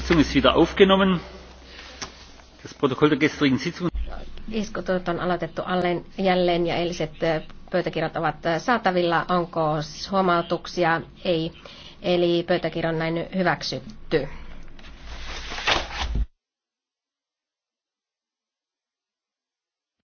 Sitzung ist wieder aufgenommen. Das Protokoll der gestrigen Sitzung. on aloitettu alleen, jälleen ja eiliset pöytäkirjat ovat saatavilla. Onko huomautuksia? Ei. Eli pöytäkirja on näin hyväksytty.